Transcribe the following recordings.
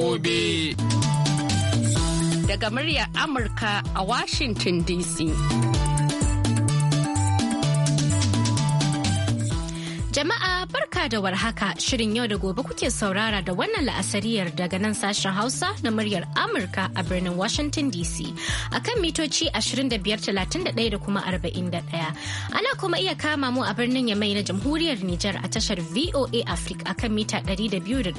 gobe. Daga muryar Amurka a Washington DC. Jama'a barka da warhaka shirin yau da gobe kuke saurara da wannan la'asariyar daga nan sashen Hausa na muryar Amurka a birnin Washington DC a kan mitoci 2531 da kuma 41. Ana kuma iya kama mu a birnin Yamai na Jamhuriyar Nijar a tashar VOA Africa a kan mita 200.5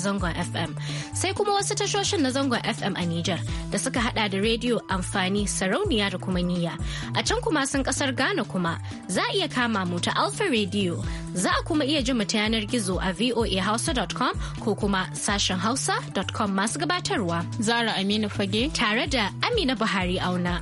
zangon FM. Sai kuma wasu tashoshin na zangon FM a Nijar da suka hada da rediyo amfani sarauniya da kuma niyya. A can kuma sun kasar Ghana kuma za a iya kama mu ta Alpha Radio Za a kuma iya ji ta yanar gizo a voahausa.com ko kuma sashen hausa.com masu gabatarwa. Zara Aminu Fage. Tare da Amina Buhari Auna.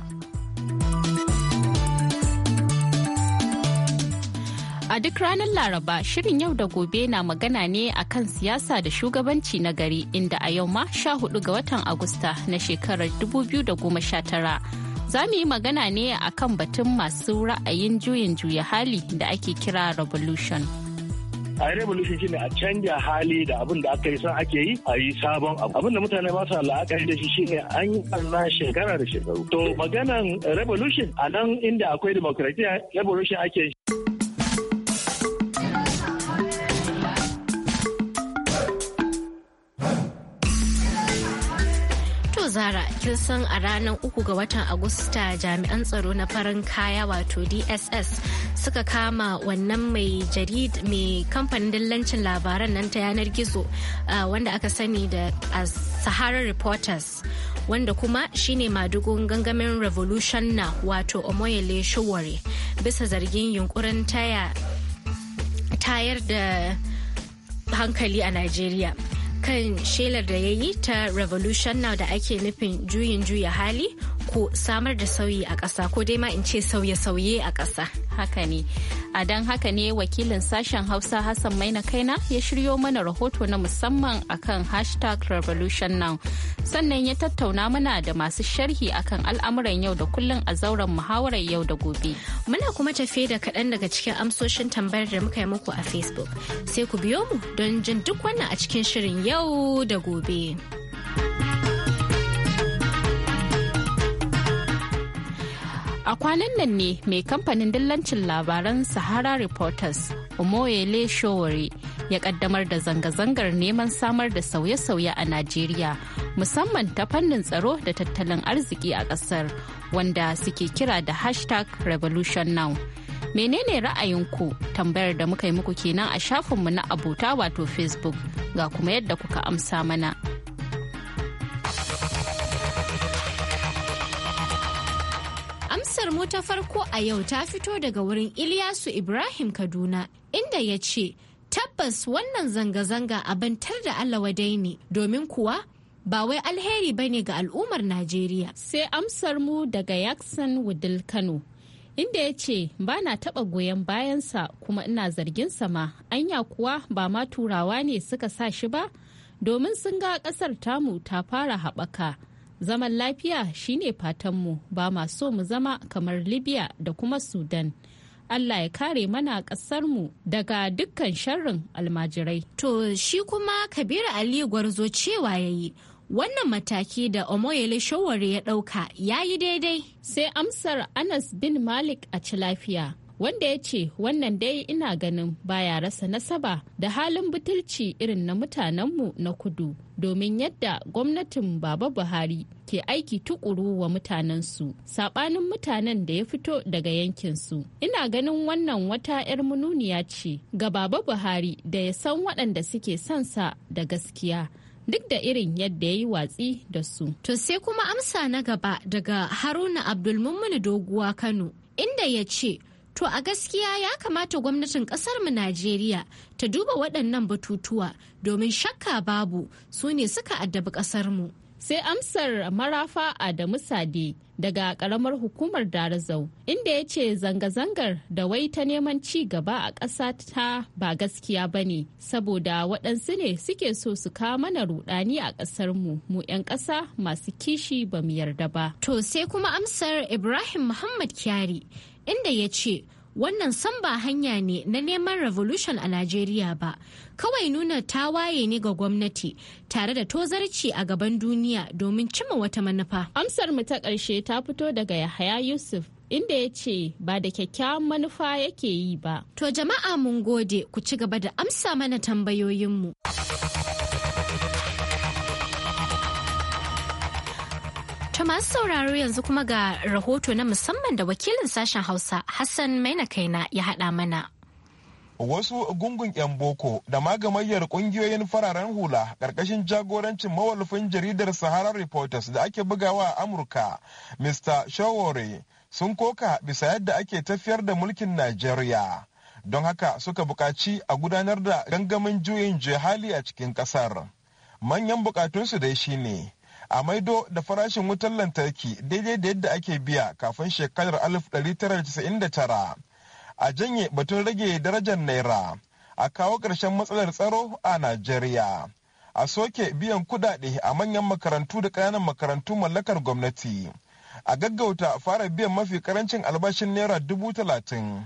A duk ranar Laraba shirin yau da gobe na magana ne a kan siyasa da shugabanci na gari inda a yau ma sha 14 ga watan Agusta na shekarar 2019. Za mu yi magana ne akan batun masu ra'ayin juyin juya hali da ake kira revolution. a revolution shine a canja hali da abin da aka yi san ake yi a yi sabon abu abin da mutane ba su la'akari da shi shine an yi barna shekara da shekaru to maganan revolution a nan inda akwai demokradiyya revolution ake Zara, kin san a ranar uku ga watan Agusta jami'an tsaro na farin kaya wato DSS suka kama wannan mai jarid mai kamfanin dillancin labaran nan ta yanar gizo wanda aka sani da Sahara Reporters. wanda kuma shine madugun gangamin revolution na wato omoyele shawari bisa zargin yunkurin tayar da hankali a nigeria kan shelar da ya yi ta revolution now da ake nufin juyin juya hali ko samar da sauyi a ƙasa ko dai ma in ce sauye-sauye a ƙasa haka ne a don haka ne wakilin sashen hausa hassan maina kaina ya shiryo mana rahoto na musamman akan hashtag revolution now sannan ya tattauna mana da masu sharhi akan al'amuran yau da kullun a zauren muhawarar yau da gobe muna kuma tafe da kaɗan daga cikin amsoshin tambayar da muka yi muku a facebook sai ku biyo mu don jin duk wannan a cikin shirin yau da gobe. A kwanan nan ne mai kamfanin dillancin labaran Sahara Reporters Omoyele Showore ya kaddamar da zanga-zangar neman samar da sauye-sauye a Najeriya musamman ta fannin tsaro da tattalin arziki a ƙasar wanda suke kira da hashtag Revolution Now. Menene ra'ayinku tambayar da muka yi muku kenan a shafinmu na abota wato Facebook ga kuma yadda kuka amsa mana. Amsar mu ta farko a yau ta fito daga wurin Ilyasu Ibrahim Kaduna inda ya ce tabbas wannan zanga-zanga abantar da Allah ne domin kuwa ba wai alheri bane ga al'ummar Najeriya. Sai amsar mu daga Yakson Wudil Kano inda ya ce ba na taɓa goyon bayansa kuma ina zargin ma anya kuwa ba ma turawa ne suka sa shi ba domin sun ga ƙasar tamu ta fara haɓaka. zaman lafiya shine fatanmu ba ma so mu zama kamar libya da kuma sudan Allah ya kare mana mu daga dukkan sharrin almajirai. To shi kuma Kabiru Ali Gwarzo cewa ya yi, wannan mataki da Omoyele Showore ya ɗauka ya yi daidai. Sai amsar Anas bin Malik a ci lafiya. wanda ya ce wannan dai ina ganin baya rasa nasaba da halin butulci irin na mutanenmu na kudu domin yadda gwamnatin baba buhari ke aiki tukuru wa mutanensu saɓanin mutanen da ya fito daga yankinsu ina ganin wannan wata 'yar mununiya ce ga baba buhari da ya san waɗanda suke sansa da gaskiya duk da irin yadda ya yi watsi da su. To sai kuma amsa na gaba daga Haruna Abdulmummun Doguwa Kano, inda ya ce To a gaskiya ya kamata gwamnatin mu Najeriya ta duba waɗannan batutuwa domin shakka babu su ne suka addabi ƙasarmu. Sai amsar marafa Adamu Sade daga ƙaramar hukumar Darazau inda ya ce zanga-zangar da wai ta neman ci gaba a ƙasa ta ba gaskiya ba ne saboda waɗansu ne suke so su kawo mana rudani a ƙasarmu mu 'yan ƙasa masu kishi ba mu yarda ba. To sai kuma amsar Ibrahim Muhammad Kyari inda ya ce wannan san ba hanya ne na neman revolution a Najeriya ba, kawai nuna tawaye ne ga gwamnati tare da tozarci a gaban duniya domin cimma wata manufa. Amsar mu ta ƙarshe ta fito daga Yahaya Yusuf inda ya ce ba da kyakkyawan manufa yake yi ba. To jama'a mun gode ku ci gaba da amsa mana tambayoyinmu. To masu sauraro yanzu kuma ga rahoto na musamman da wakilin sashen Hausa Hassan mainakaina ya haɗa mana. Wasu gungun 'yan boko da magamayyar kungiyoyin fararen hula ƙarƙashin jagorancin mawalfin jaridar Sahara Reporters da ake bugawa a Amurka, Mr. Shawore, sun koka bisa yadda ake tafiyar da mulkin Najeriya. Don haka suka buƙaci a gudanar da gangamin juyin jihali a cikin ƙasar. Manyan buƙatunsu dai shine. a maido da farashin wutar lantarki daidai da yadda ake biya kafin shekarar 1999 a janye batun rage darajar naira a kawo ƙarshen matsalar tsaro a najeriya a soke biyan kudade a manyan makarantu da ƙananan makarantu mallakar gwamnati a gaggauta fara biyan mafi ƙarancin albashin naira dubu talatin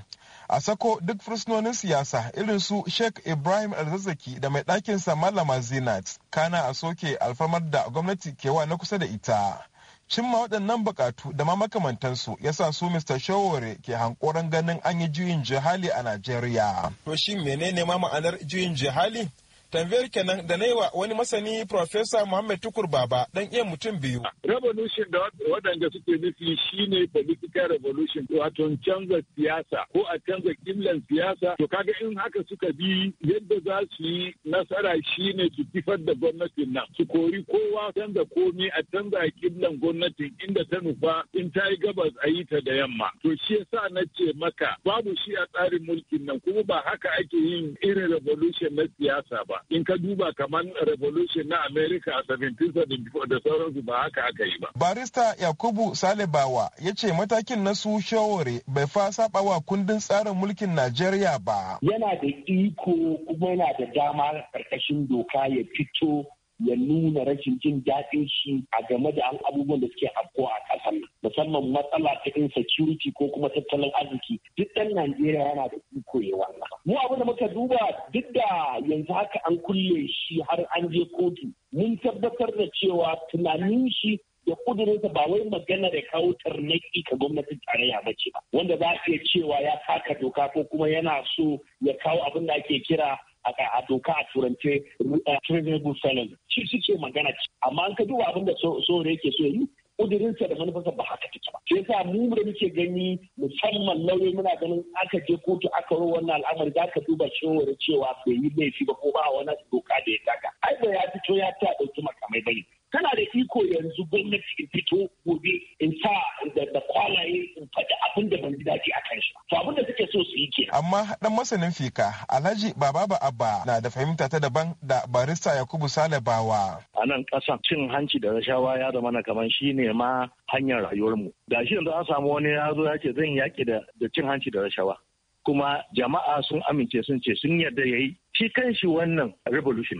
a sako duk fursunonin siyasa irin su sheikh ibrahim alzazzaki da mai ɗakinsa malama zinat kana a soke alfamar da gwamnati kewa na kusa da ita cimma waɗannan bukatu da ma makamantansu ya sa su Mr. Shawore ke hankoron ganin an yi juyin jihali a Najeriya. To shi menene ma ma'anar juyin jihali? Tambayar kenan da na yi wa wani masani Profesa Muhammad Tukur Baba dan iya mutum biyu. Revolution da waɗanda suke nufi shine political revolution wato canza siyasa ko a canza kimlan siyasa to kaga in haka suka bi yadda za su yi nasara shine su kifar da gwamnatin nan su kori kowa canza komi a canza kimlan gwamnatin inda ta nufa in ta yi gabas a yi ta da yamma to shi yasa na ce maka babu shi a tsarin mulkin nan kuma ba haka ake yin irin revolution na siyasa ba in ka duba kamar revolution na america a 1774 da sauransu ba haka aka yi ba barista yakubu salibawa ya ce matakin na su Shawore bai fa saba wa kundin tsarin mulkin najeriya ba yana da iko kuma yana da dama karkashin doka ya fito ya nuna rashin jin daɗin shi a game da an abubuwan da suke afko a ƙasar musamman matsala ta insecurity ko kuma tattalin arziki duk ɗan Najeriya yana da iko ya wannan mu abin da muka duba duk da yanzu haka an kulle shi har an je kotu mun tabbatar da cewa tunanin shi da kudurinsa ba wai magana da kawo tarnaki ka gwamnatin tarayya ba ce ba wanda za a iya cewa ya taka doka ko kuma yana so ya kawo abin da ake kira a doka a turance eh, treasonable bufalen. shi suke magana amma an ka duba abin da so yake so yi ƙudurinsa da manufarsa ba haka take ba sai sa mu da muke gani musamman lauyoyi muna ganin aka je kotu aka ro wannan al'amari za ka duba shawara cewa bai yi laifi ba ko ba wani doka da ya taka ai ba ya fito ya ta ɗauki makamai bane tana da iko yanzu gwamnati in fito gobe in sa da kwalaye in faɗi abin da ban ji daɗi a kan shi to abin da suke so su yi kenan. amma dan masanin fika alhaji baba ba abba na da fahimta ta daban da barista yakubu sale bawa. a nan ƙasan cin hanci da rashawa ya zama na kamar shi ne ma hanyar rayuwar mu. da shi yanzu an samu wani ya zo ya ce zan yaƙi da cin hanci da rashawa kuma jama'a sun amince sun ce sun yarda ya yi shi kan shi wannan revolution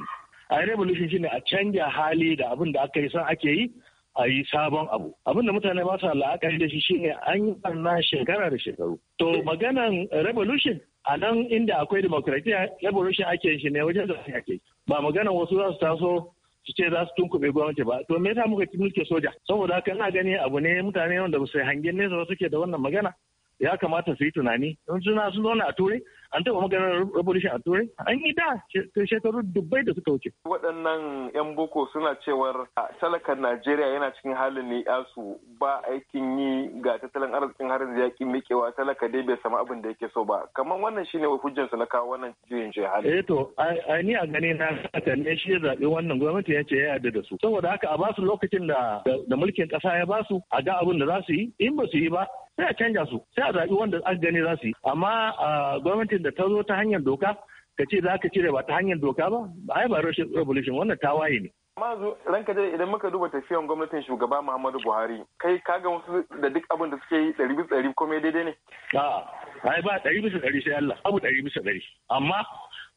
a revolution shine a canja hali da abin da aka yi san ake yi a yi sabon abu abin da mutane ba sa la'akari da shi shine an yi na shekara da shekaru to maganan revolution a nan inda akwai demokratiya revolution ake shi ne wajen da ake yi. ba maganan wasu za su taso su ce za su tunkuɓe gwamnati ba to me yasa muka mulke soja saboda haka ina gani abu ne mutane wanda ba su hangen nesa ba suke da wannan magana ya kamata su yi tunani in suna sun zauna a turai an taɓa maganar revolution a turai an yi da shekaru dubbai da suka wuce. waɗannan 'yan boko suna cewar talakan najeriya yana cikin halin ne su ba aikin yi ga tattalin arzikin harin da yaƙi mikewa talaka dai bai samu abin da yake so ba kamar wannan shine wai hujjar su na kawo wannan juyin shi hali. eh to a ni a gani na ne shi ya zaɓi wannan gwamnati ya ce ya yarda da su saboda haka a basu lokacin da mulkin ƙasa ya basu a ga abin da za su yi in ba su yi ba sai a canja su sai a zaɓi wanda aka gani za su yi amma gwamnatin da ta zo ta hanyar doka ka ce za ka cire ba ta hanyar doka ba ai ba rashin revolution wannan tawaye ne yanzu ranka dai idan muka duba tafiyan gwamnatin shugaba Muhammadu Buhari kai kaga wasu da duk abin da suke yi ɗari bisa ɗari komai daidai ne? A'a, ai ba ɗari bisa ɗari sai Allah, abu ɗari bisa ɗari. Amma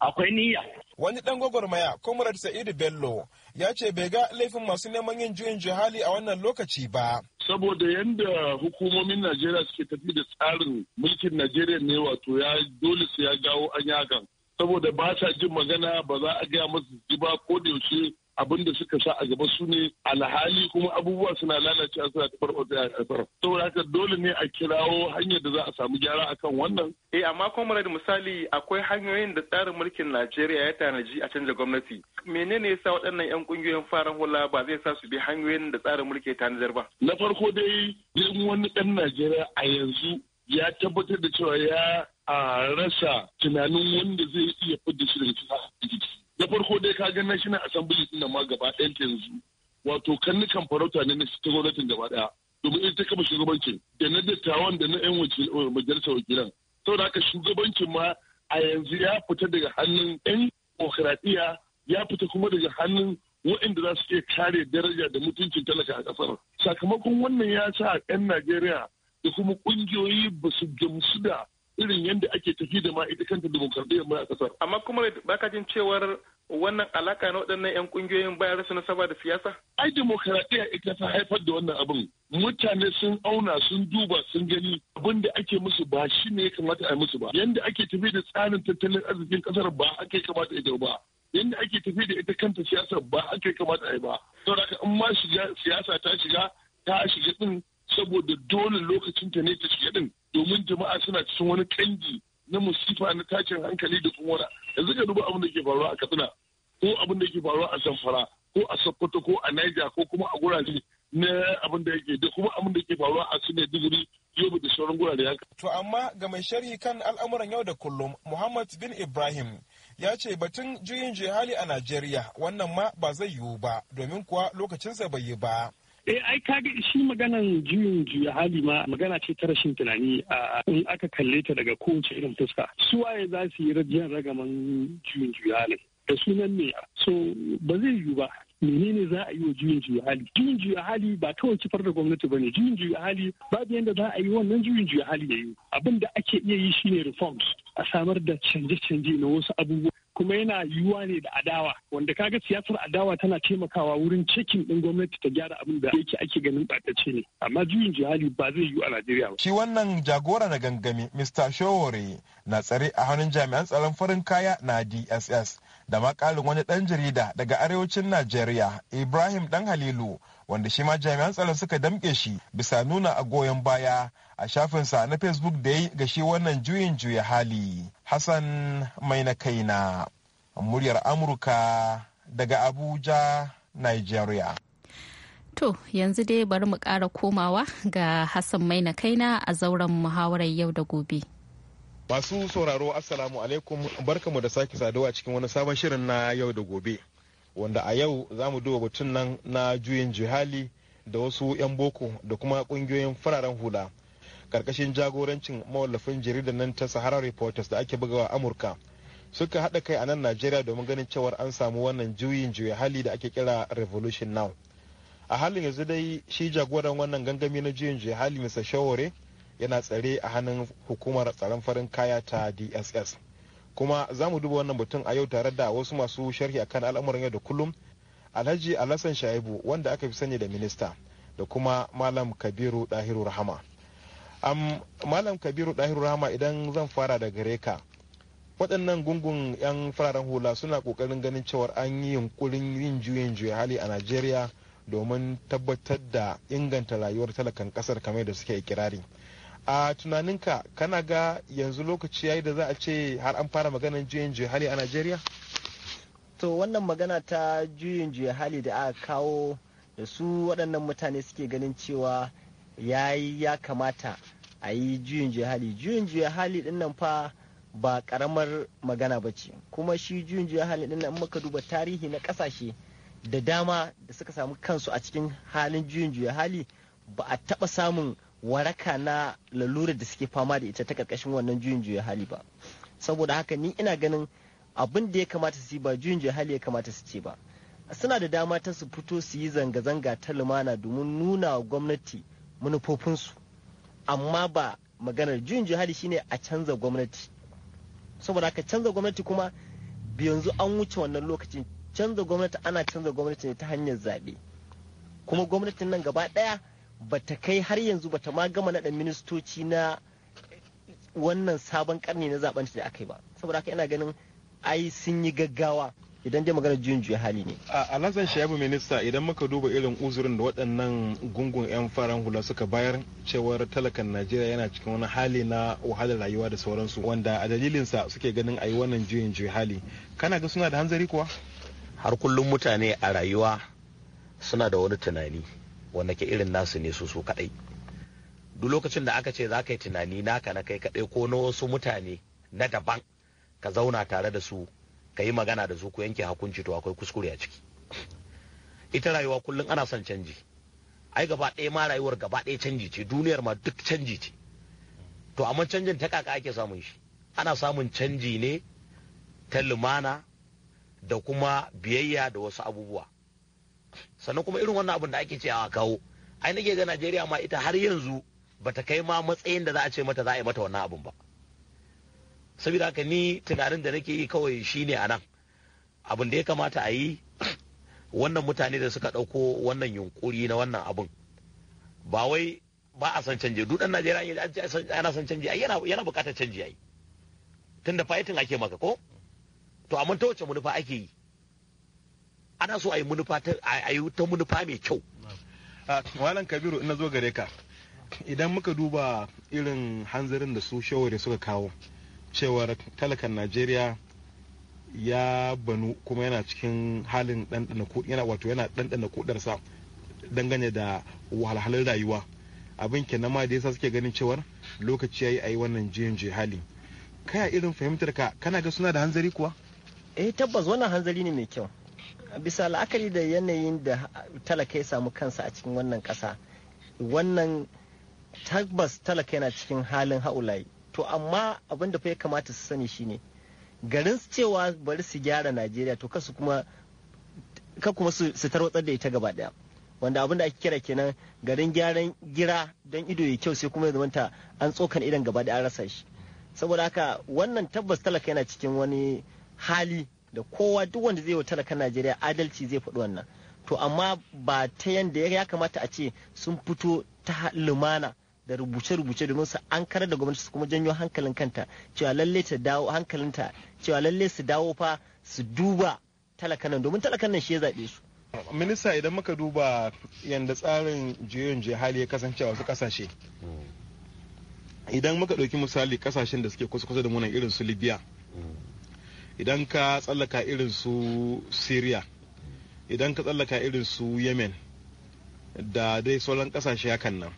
akwai niyya wani ɗan gwagwarmaya comrade sa'idu bello ya ce bai ga laifin masu neman yin juyin jihali a wannan lokaci ba saboda yadda hukumomin najeriya suke tafi da tsarin mulkin najeriya ne wato ya dole su ya gawo an yakan. saboda ba sa jin magana ba za a gaya masu ji ba ko da yaushe abin da suka sa a gaba su ne alhali kuma abubuwa suna lalacewa suna taɓarɓarta a ƙasar saboda haka dole ne a kirawo hanyar da za a samu gyara akan wannan. eh amma kuma misali akwai hanyoyin da tsarin mulkin najeriya ya tanaji a canza gwamnati menene yasa waɗannan 'yan ƙungiyoyin farar hula ba zai sa su bi hanyoyin da tsarin mulki ya tanadar ba. na farko dai idan wani ɗan najeriya a yanzu ya tabbatar da cewa ya a rasa tunanin wanda zai iya fidda shi daga cikin na farko dai ka ga national assembly din nan ma gaba ɗayan yanzu wato kannukan farauta ne na ta gwamnatin gaba ɗaya domin ita kama shugabancin da na dattawan da na 'yan eh, majalisar wakilan saboda haka shugabancin ma a yanzu ya fita daga hannun 'yan demokradiyya ya fita kuma daga hannun waɗanda za su iya kare daraja da mutuncin talaka a ƙasar sakamakon wannan ya sa 'yan najeriya da kuma ƙungiyoyi ba su gamsu da irin yadda ake tafi da ma ita kanta demokradiyyar mu a kasar. Amma kuma baka jin cewar wannan alaka na waɗannan 'yan ƙungiyoyin bayan rasa nasaba da siyasa? Ai demokradiyya ita ta haifar da wannan abin. Mutane sun auna sun duba sun gani abin da ake musu ba shi ne ya kamata a yi musu ba. Yanda ake tafi da tsarin tattalin arzikin ƙasar ba ake kamata ita ba. Yanda ake tafi da ita kanta siyasar ba ake kamata a yi ba. Saboda in ma shiga siyasa ta shiga ta shiga din saboda dole lokacin ta ne ta shiga din domin jama'a suna cikin wani kangi na musifa na tashin hankali da tsumora yanzu ka duba abin da ke faruwa a katsina ko abin da ke faruwa a zamfara ko a sokoto ko a niger ko kuma a gurare na abin da yake da kuma abin da ke faruwa a su ne digiri yau da sauran gurare haka. To amma ga mai sharhi kan al'amuran yau da kullum Muhammad bin Ibrahim ya ce batun juyin jihali a Najeriya wannan ma ba zai yiwu ba domin kuwa lokacinsa bai yi ba. eh ai kage shi maganan juyin juya hali ma magana ce ta rashin tunani a in aka kalle ta daga kowace irin fuska su waye za su yi rajin ragaman juyin juya hali da sunan ne so ba zai yiwu ba menene za a yi wa juyin juya hali juyin juya hali ba kawai kifar da gwamnati ba ne. juyin juya hali babu yadda za a yi wannan juyin juya hali ya yi abin da ake iya yi shine reforms a samar da canje-canje na wasu abubuwa kuma yana yiwuwa ne da adawa wanda kaga siyasar adawa tana taimakawa wurin cikin din gwamnati ta gyara abin da yake ake ganin ɓatacce ne amma juyin jihali ba zai yiwu a Najeriya ba. Shi wannan jagora na gangami Mr. Showore na tsare a hannun jami'an tsaron farin kaya na DSS da makalin wani ɗan jarida daga arewacin Najeriya Ibrahim Dan Halilu wanda shi ma jami'an tsaron suka damƙe shi bisa nuna a goyon baya a shafinsa na facebook da ya ga shi wannan juyin juya hali hassan mai na kaina muryar amurka daga abuja nigeria To yanzu dai bari mu kara komawa ga Hassan mai kai kaina a zauren muhawarar yau da gobe. Masu sauraro Assalamu alaikum barkamu da sake saduwa cikin wani sabon shirin na yau da gobe. wanda a yau za mu duba batun nan na juyin jihali da wasu 'yan boko da kuma kungiyoyin fararen hula karkashin jagorancin mawallafin jaridar nan ta sahara reporters da ake bugawa amurka suka haɗa kai a nan najeriya domin ganin cewar an samu wannan juyin jihali hali da ake kira revolution now a halin yanzu dai shi jagoran wannan gangami na juyin jihali hali mr shawore yana tsare a hannun hukumar tsaron farin kaya ta dss kuma za mu duba wannan batun a yau tare da wasu masu sharhi akan al'amuran yau da kullum alhaji alhassan shaibu wanda aka fi sani da minista da kuma malam kabiru dahiru rahama am malam kabiru dahiru rahama idan zan fara da gare ka waɗannan gungun 'yan fararen hula suna ƙoƙarin ganin cewar an yi yunkurin yin juyin juya hali a najeriya domin tabbatar da inganta rayuwar talakan ƙasar kamar da suke ikirari a tunaninka kana ga yanzu lokaci yayi da za a ce har an fara maganar juyin juya hali a najeriya to wannan magana ta juyin juya hali da aka kawo da su waɗannan mutane suke ganin cewa ya yi ya kamata a yi juyin juya hali juyin juya hali din nan fa ba karamar magana ba ce kuma shi juyin juya hali din nan muka duba tarihi na kasashe da dama da suka samu kansu a cikin halin juyin juya hali ba a taɓa samun waraka na lalurar da suke fama da ita ta karkashin wannan juyin juya hali ba saboda haka ni ina ganin abin da ya kamata su yi ba juyin juya hali ya kamata su ce ba suna da dama ta su fito su yi zanga-zanga ta lumana domin nuna wa gwamnati manufofinsu amma ba maganar juyin juya hali shine a canza gwamnati saboda haka canza gwamnati kuma bi yanzu an wuce wannan lokacin canza gwamnati ana canza gwamnati ne ta hanyar zaɓe kuma gwamnatin nan gaba ɗaya bata kai har yanzu bata ma gama naɗa ministoci na wannan sabon karni na zaben da aka yi ba saboda haka ina ganin ai sun yi gaggawa idan dai magana juyin juya hali ne. A alhazan shayabu minista idan muka duba irin uzurin da waɗannan gungun 'yan faran hula suka bayar cewar talakan Najeriya yana cikin wani hali na wahalar rayuwa da sauransu wanda a dalilinsa suke ganin a yi wannan juyin juya hali. Kana ga suna da hanzari kuwa? Har kullum mutane a rayuwa suna da wani tunani. wanda ke irin nasu ne su su kadai duk lokacin da aka ce za ka yi tunani naka na kai kadai ko na wasu mutane na daban ka zauna tare da su ka yi magana da su ku yanke hakunci to akwai kuskure a ciki ita rayuwa kullum ana son canji ai gaba ɗaya ma rayuwar gaba ɗaya canji ce duniyar ma duk canji ce to amma canjin ta kaka ake samun shi ana samun canji ne ta lumana da kuma biyayya da wasu abubuwa sannan kuma irin wannan abin da ake cewa a kawo ai nake ga Najeriya ma ita har yanzu bata kai ma matsayin da za a ce mata za a yi mata wannan abin ba saboda haka ni tunanin da nake yi kawai shine a nan abin da ya kamata a yi wannan mutane da suka dauko wannan yunkuri na wannan abin ba wai ba a san canje dudan najeriya ana san canje yana bukatar canji ai tunda fighting ake maka ko to amma ta wace manufa ake yi ana so a yi ta manufa mai kyau malam kabiru ina zo gare ka idan muka duba irin hanzarin da su shawari suka kawo cewar talakan najeriya ya banu kuma yana cikin halin ɗanɗana yana wato yana ɗanɗana kudarsa dangane da wahalhalun rayuwa abin kenan ma da yasa suke ganin cewar lokaci yayi a yi wannan jiyan hali. kaya irin fahimtar ka kana ga suna da hanzari kuwa eh tabbas wannan hanzari ne mai kyau bisa la'akari da yanayin da talaka ya samu kansa a cikin wannan kasa wannan tabbas talaka yana cikin halin haulayi to amma abin da fa ya kamata su sani shine garin su cewa bari su gyara najeriya to kasu kuma ka kuma su tarwatsar da ita gaba daya wanda abin da ake kira kenan garin gyaran gira don ido ya kyau sai kuma ya zamanta an tsokan idan gaba da an rasa shi saboda haka wannan tabbas talaka yana cikin wani hali da kowa duk wanda zai wa kan najeriya adalci zai faɗi wannan to amma ba ta yanda ya kamata a ce sun fito ta lumana da rubuce-rubuce domin su an kare da gwamnati su kuma janyo hankalin kanta cewa lalle ta dawo hankalinta cewa lalle su dawo fa su duba talakan nan domin talakan nan shi ya zaɓe su minista idan muka duba yadda tsarin juyin hali ya kasance a wasu kasashe idan muka ɗauki misali kasashen da suke kusa-kusa da munan irin su libya idan ka tsallaka irin su syria idan ka tsallaka irin su yemen da dai sauran kasashe hakan nan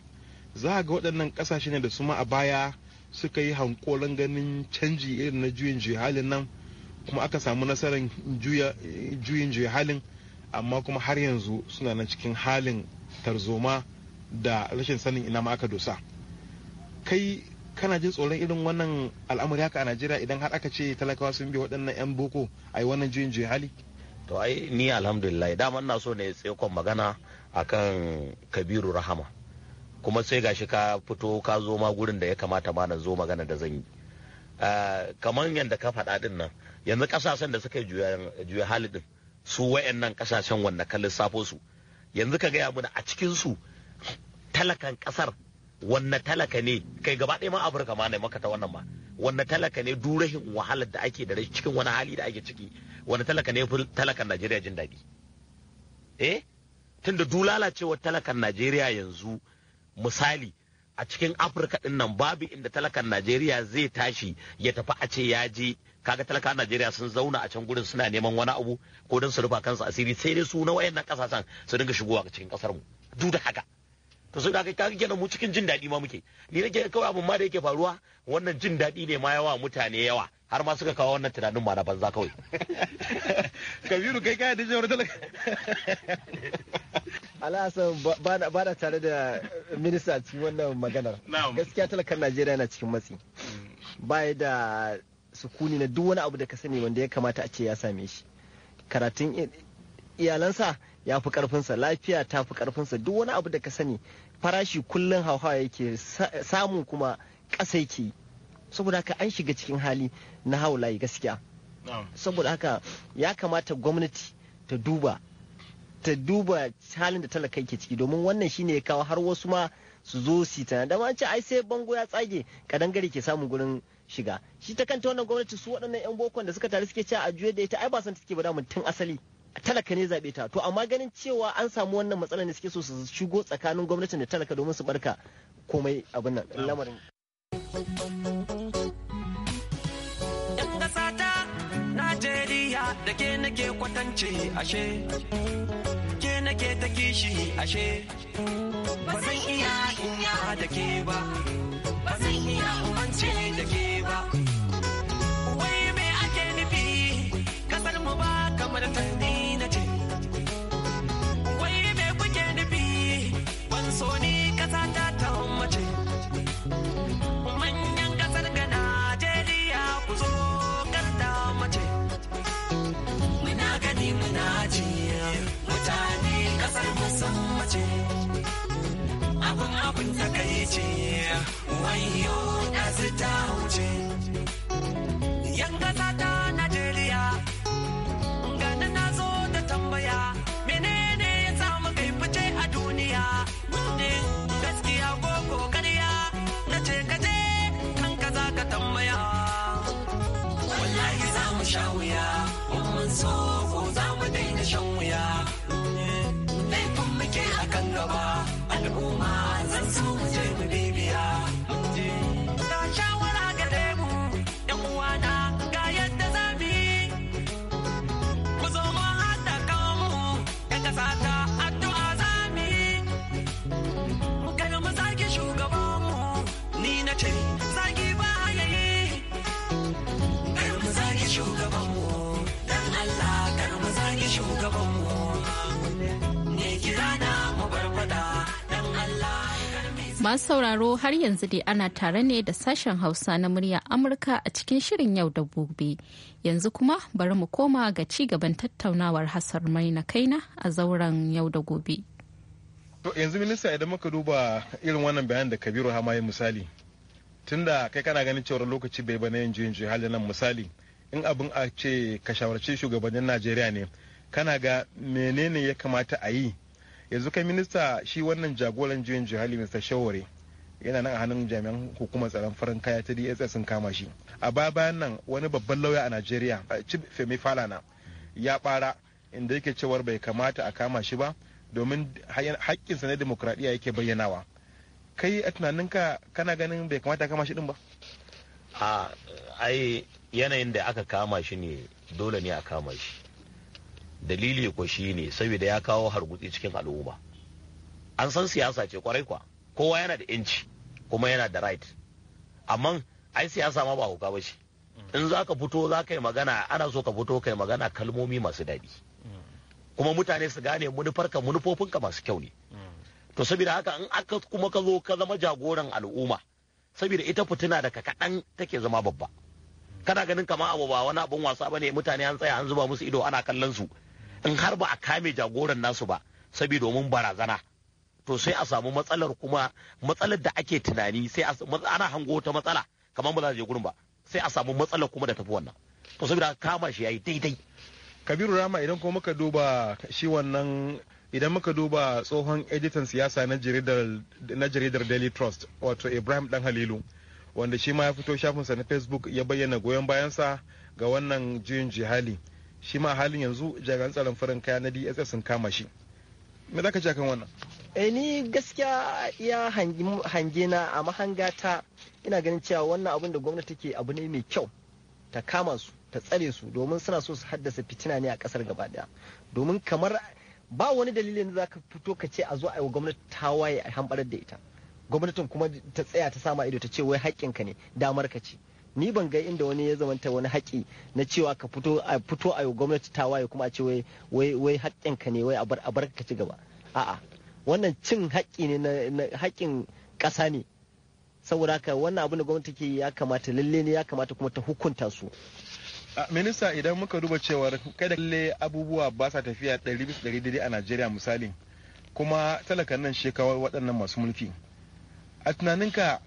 za ga waɗannan kasashe ne da su ma a baya suka yi hankolan ganin canji irin na juyin halin nan kuma aka samu nasarar juyin halin amma kuma har yanzu suna nan cikin halin tarzoma da rashin sanin ina ma aka dosa kai kana jin tsoron irin wannan al'amari haka a najeriya idan har aka ce talakawa sun bi waɗannan 'yan boko a yi wannan juyin juyin hali to ai ni alhamdulillah dama na so ne tsekon magana akan kabiru rahama kuma sai gashi ka fito ka zo ma gurin da ya kamata ma na zo magana da zan yi ah, kamar yadda ka faɗa din nan yanzu kasashen da suka yi juya hali din su wayannan kasashen wanda ka lissafo su yanzu ka gaya mana a cikin su talakan kasar wanne talaka ne kai gaba ɗaya ma afirka ma ne maka ta wannan ma wanne talaka ne durahin wahalar da ake da cikin wani hali da ake ciki wanne talaka ne talakan najeriya jin daɗi eh tunda du lalacewar talakan najeriya yanzu misali a cikin afirka ɗin nan babu inda talakan najeriya zai tashi ya tafi a ce ya je kaga talaka Najeriya sun zauna a can gurin suna neman wani abu ko don su rufa kansu asiri sai dai su na wayannan kasashen su dinga shigowa cikin kasar mu duk da haka to sai da ka kenan mu cikin jin daɗi ma muke ni nake kawai abun ma da yake faruwa wannan jin daɗi ne ma yawa mutane yawa har ma suka kawo wannan tunanin ma na banza kawai kabiru kai kai da jawar talaka alhassan ba da tare da minista cikin wannan maganar gaskiya talakan najeriya na cikin matsi baya da sukuni na duk wani abu da ka sani wanda ya kamata a ce ya same shi karatun iyalansa ya fi karfinsa lafiya ta fi karfinsa duk wani abu da ka sani farashi kullum hauhawa yake samu kuma ƙasa yake saboda haka an shiga cikin hali na haulayi gaskiya saboda haka ya kamata gwamnati ta duba ta duba halin da talaka yake ciki domin wannan shine ya kawo har wasu ma su zo su tana da mace ai sai bango ya tsage kadangare ke samun gurin shiga shi ta kanta wannan gwamnati su waɗannan yan bokon da suka tare suke cewa a juye da ita ai ba san take ba da tun asali talaka ne zaɓe ta to amma ganin cewa an samu wannan matsalar ne suke so su shigo tsakanin gwamnatin da talaka domin su barka komai abin nan lamarin yan ta najeriya da ke nake kwatance ashe ke nake ta kishi ashe ba zan iya da ke ba ba zan iya Masu sauraro har yanzu dai ana tare ne da sashen Hausa na murya Amurka a cikin shirin yau da gobe. Yanzu kuma bari mu koma ga ci gaban tattaunawar hasar Mai na kaina a zauren yau da gobe. To yanzu minista idan muka duba irin wannan bayan da Kabiru Hama ya misali. Tunda kai kana ganin cewar lokaci bai bane yin juyin hali nan misali in abin a ce ka shawarci shugabannin Najeriya ne kana ga menene ya kamata a yi yanzu kai minista shi wannan jagoran juyin jihali mista shawari yana nan a hannun jami'an hukumar tsaron farin kaya ta dss sun kama shi a baya bayan nan wani babban lauya a najeriya chip femi falana ya bara inda yake cewar bai kamata a kama shi ba domin haƙƙinsa na demokuraɗiyya yake bayyanawa kai a tunaninka kana ganin bai kamata a kama shi din ba a ai yanayin da aka kama shi ne dole ne a kama shi dalili ko shi ne saboda ya kawo hargutsi cikin al'umma an san siyasa ce kwarai kwa kowa yana da inci kuma yana da right amma ai siyasa ma ba huka ba shi in za ka fito za ka yi magana ana so ka fito ka yi magana kalmomi masu daɗi kuma mutane su gane munufofin ka masu kyau ne to saboda haka in aka kuma ka zo ka zama jagoran al'umma saboda ita fitina daga kaɗan take zama babba kana ganin kamar abu ba wani abun wasa bane mutane an tsaya an zuba musu ido ana kallon su in har ba a kame jagoran nasu ba saboda domin barazana to sai a samu matsalar kuma matsalar da ake tunani sai ana hango ta matsala kamar ba za je gurin ba sai a samu matsalar kuma da tafi wannan to saboda kama shi yayi daidai kabiru rama idan kuma muka duba shi wannan idan muka duba tsohon editan siyasa na jaridar na jaridar daily trust wato ibrahim dan halilu wanda shi ma ya fito shafinsa na facebook ya bayyana goyon bayansa ga wannan juyin jihali shi ma halin yanzu jami'an tsaron farin kaya na dss sun kama shi me zaka ce kan wannan eh ni gaskiya ya hange na a mahanga ta ina ganin cewa wannan abin da gwamnati ke abu ne mai kyau ta kama su ta tsare su domin suna so su haddasa fitina ne a kasar gaba daya domin kamar ba wani dalilin da zaka fito ka ce a zo a yi gwamnati gwamnati waye a hambarar da ita gwamnatin kuma ta tsaya ta sama ido ta ce wai haƙƙinka ne damar ka ce ni ban ga inda wani ya zamanta wani haƙi na cewa ka fito a fito a gwamnati ta waye kuma a ce wai wai wai ka ne wai a bar a bar ka ci gaba a'a wannan cin haƙƙi ne na haƙƙin ƙasa ne saboda haka wannan abin da gwamnati ke ya kamata lalle ne ya kamata kuma ta hukunta su minista idan muka duba cewar kai da lalle abubuwa ba sa tafiya 100 100 daidai a Najeriya misali kuma talakan nan shekawar waɗannan masu mulki a tunaninka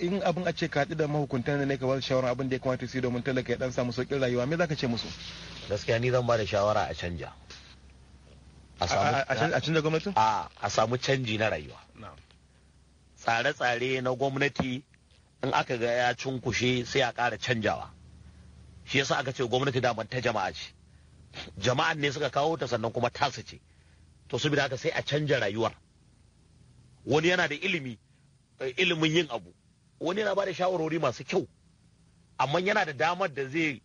in abin a ce ka da mahukuntan da ne ka bar shawara abin da ya kamata su yi domin talaka ya dan samu sauƙin rayuwa me zaka ce musu gaskiya ni zan ba da shawara a canja a canja gwamnati a samu canji na rayuwa tsare-tsare na gwamnati in aka ga ya cunkushe sai a ƙara canjawa shi yasa aka ce gwamnati daman ta jama'a ce jama'an ne suka kawo ta sannan kuma tasu ce to saboda haka sai a canja rayuwar wani yana da ilimi eh, ilimin yin abu wani yana ba da shawarwari masu kyau amma yana da damar da zai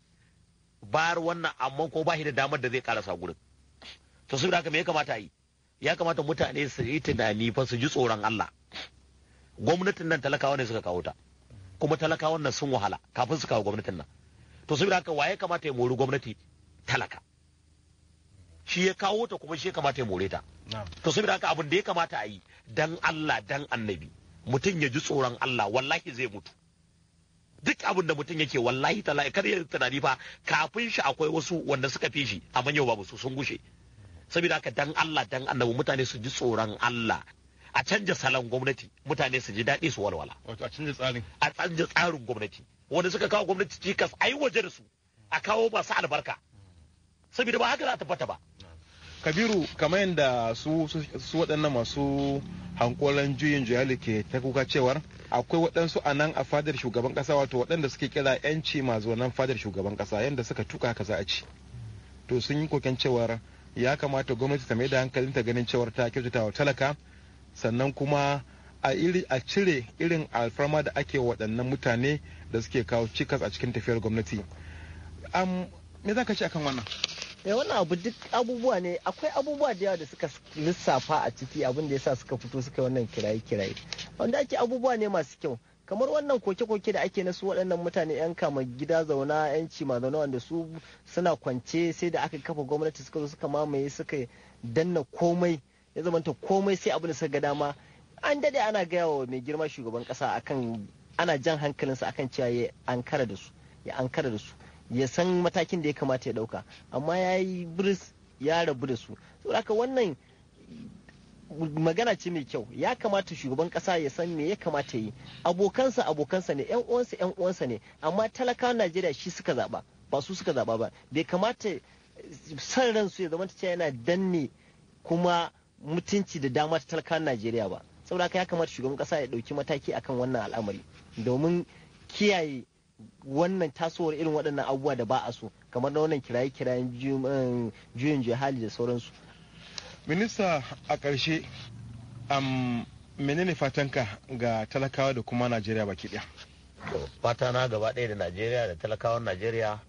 bayar wannan amma ko ba shi da damar da zai karasa gurin to saboda haka me ya kamata yi ya kamata mutane su yi tunani fa su ji tsoron Allah gwamnatin nan talakawa ne suka kawo ta kuma talakawan nan sun wahala kafin su kawo gwamnatin nan to saboda haka waye kamata ya mori gwamnati talaka shi ya kawo ta kuma shi ya kamata ya more ta to saboda haka abin da ya kamata a yi dan Allah dan annabi mutum ya ji tsoron Allah wallahi zai mutu duk abin da mutum yake wallahi tala'i kar ya tunani fa kafin shi akwai wasu wanda suka fi shi amma yau babu su sun gushe saboda haka dan Allah dan annabi mutane su ji tsoron Allah a canja salon gwamnati mutane su ji daɗi su walwala a canja tsarin a canja tsarin gwamnati wanda suka kawo gwamnati cikas a yi waje da su a kawo masu albarka saboda ba haka za ta fata ba kabiru kamar yadda su su waɗannan masu hankolan juyin juyali ke ta kuka cewar akwai waɗansu a nan a fadar shugaban ƙasa wato waɗanda suke kira 'yanci mazonan fadar shugaban ƙasa yadda suka tuka haka za a ci to sun yi koken cewar ya kamata gwamnati ta mai da hankalin ta ganin cewar ta kyautata wa talaka sannan kuma a cire irin alfarma da ake waɗannan mutane da suke kawo cikas a cikin tafiyar gwamnati me za ka ce akan wannan yawan eh, wannan abu duk abubuwa ne akwai abubuwa da yawa da suka lissafa a ciki abin ya sa suka fito suka wannan kiraye kiraye wanda ake abubuwa ne masu kyau kamar wannan koke-koke da ake nasu waɗannan mutane 'yan kama gida zauna 'yanci ma zauna wanda su suna kwance sai da aka kafa gwamnati suka zo suka mamaye suka danna komai ya zamanta komai sai abin da suka ga dama an dade ana gaya wa mai girma shugaban kasa akan ana jan hankalinsa akan cewa ya ankara da su ya ankara da su ya san matakin da ya kamata ya dauka amma ya yi biris ya rabu da su saboda wannan magana ce mai kyau ya kamata shugaban kasa ya san me ya kamata yi abokansa abokansa ne yan uwansa yan uwansa ne amma talakawan najeriya shi suka zaba ba su suka zaba ba bai kamata san ransu ya zama ta yana danne kuma mutunci da dama ta talakawan najeriya ba saboda ya kamata shugaban kasa ya dauki mataki akan wannan al'amari domin kiyaye wannan tasowar irin waɗannan abubuwa da ba a so kamar na wannan kiraye-kirayen juyin eh, jihali da sauransu minista a ƙarshe um, menene fatanka ga talakawa da kuma najeriya baki ɗaya fata na gaba ɗaya da najeriya da talakawan najeriya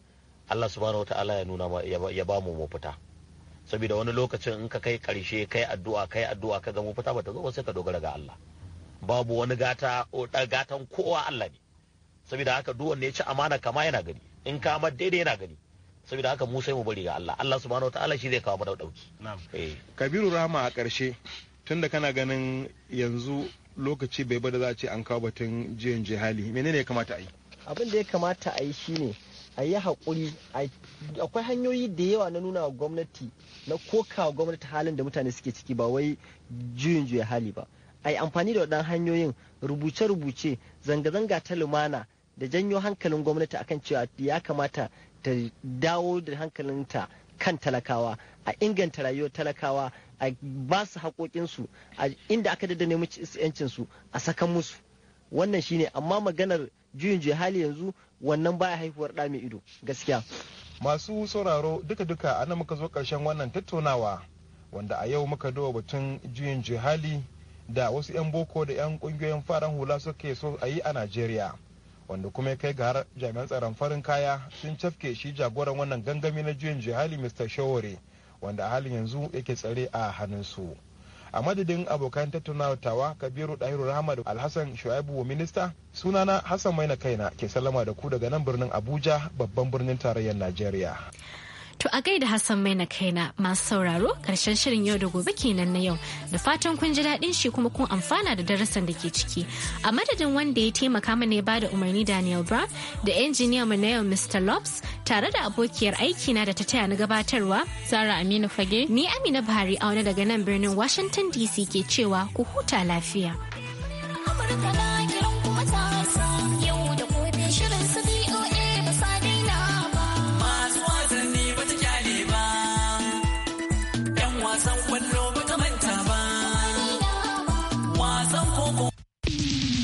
allah subhanahu wa ta'ala ya nuna ya ba mu mafita saboda wani lokacin in ka kai ƙarshe kai addu'a kai addu'a ka ga mafita ba ta zo ba sai ka dogara ga allah babu wani gata gatan kowa allah ne saboda haka duk wanda ya ci amana kama yana gani in kama daidai yana gani saboda haka mu sai mu bari ga Allah Allah subhanahu wataala shi zai kawo mana dauki eh. kabiru Rama a karshe tunda kana ganin yanzu lokaci bai bada za a ce an kawo batun jiyan jihali menene ya kamata a yi abin da ya kamata a yi shine a yi haƙuri akwai hanyoyi da yawa na nuna gwamnati na koka gwamnati halin da mutane suke ciki ba wai juyin juya hali ba a yi amfani da waɗannan hanyoyin rubuce-rubuce zanga-zanga ta lumana da janyo hankalin gwamnati akan cewa ya kamata ta dawo da hankalinta kan talakawa a inganta rayuwar talakawa a ba su haƙoƙinsu a inda aka dada nemi yancinsu a sakan musu wannan shine amma maganar juyin juya hali yanzu wannan baya haihuwar ɗa mai ido gaskiya masu sauraro duka-duka ana muka zo ƙarshen wannan tattaunawa wanda a yau muka duba batun juyin juya hali da wasu 'yan boko da 'yan ƙungiyoyin faran hula suke so a yi a najeriya wanda kuma ya kai ga har jami'an tsaron farin kaya sun cafke shi jagoran wannan gangami na juyin jihali mr shawore wanda a halin yanzu yake tsare a hannunsu a madadin abokan tattaunawa kabiru dahiru rahama alhassan shu'aibu minista sunana hassan maina kaina ke salama da ku daga nan birnin abuja babban birnin tarayyar najeriya To a gaida Hassan mai na kaina masu sauraro karshen shirin yau da gobe kenan na yau da fatan kun ji daɗin shi kuma kun amfana da darasin da ke ciki. A madadin wanda ya taimaka mana ya bada umarni Daniel Brown da injiniyan mu na yau Mr. Lobs tare da abokiyar aiki na da ta taya na gabatarwa. Zara Aminu Fage. Ni Amina Buhari a wani daga nan birnin Washington DC ke cewa ku huta lafiya.